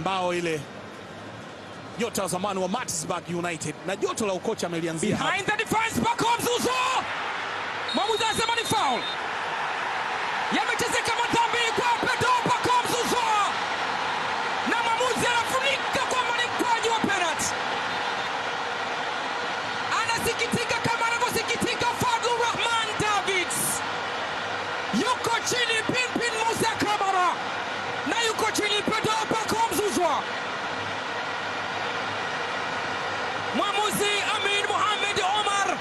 mbao ile nyota wa zamani wa Maritzburg United na joto la ukocha amelianzia behind the defense. Pacome Zouzoua mwamuzi anasema ni foul, yamechezeka Mwamuzi Amin Mohamed Omar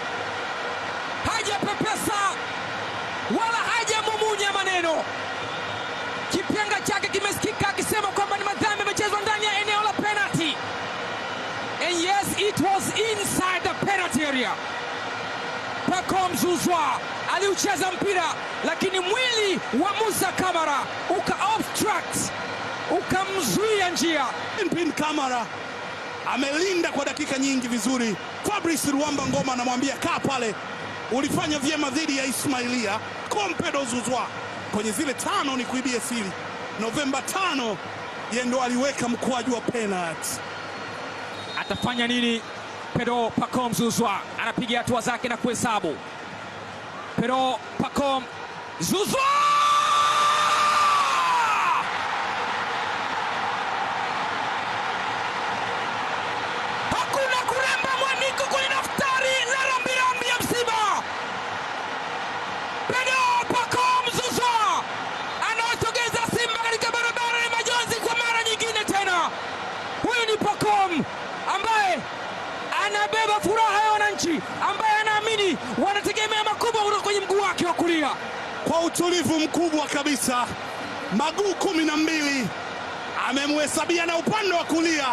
hajapepesa wala hajamumunya maneno, kipyenga chake kimesikika akisema kwamba ni madhambi yamechezwa ndani ya eneo la penalty, and yes it was inside the penalty area. Pako Mzuzwa aliucheza mpira, lakini mwili wa Musa Kamara uka obstruct ukamzuia njia. Kamara amelinda kwa dakika nyingi vizuri. Fabrice Ruamba Ngoma anamwambia kaa pale, ulifanya vyema dhidi ya Ismailia Kompedo Zuzwa kwenye zile tano, ni kuibia siri. Novemba tano, ye ndo aliweka mkwaju wa penalti. Atafanya nini? Pedro Pacom Zuzwa anapiga hatua zake na kuhesabu. Pedro Pacom Zuzwa ambaye anabeba furaha ya wananchi, ambaye anaamini wanategemea makubwa kutoka kwenye mguu wake wa kulia. Kwa utulivu mkubwa kabisa, maguu kumi na mbili amemhesabia na upande wa kulia,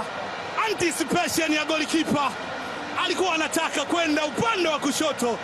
anticipation ya golikipa, alikuwa anataka kwenda upande wa kushoto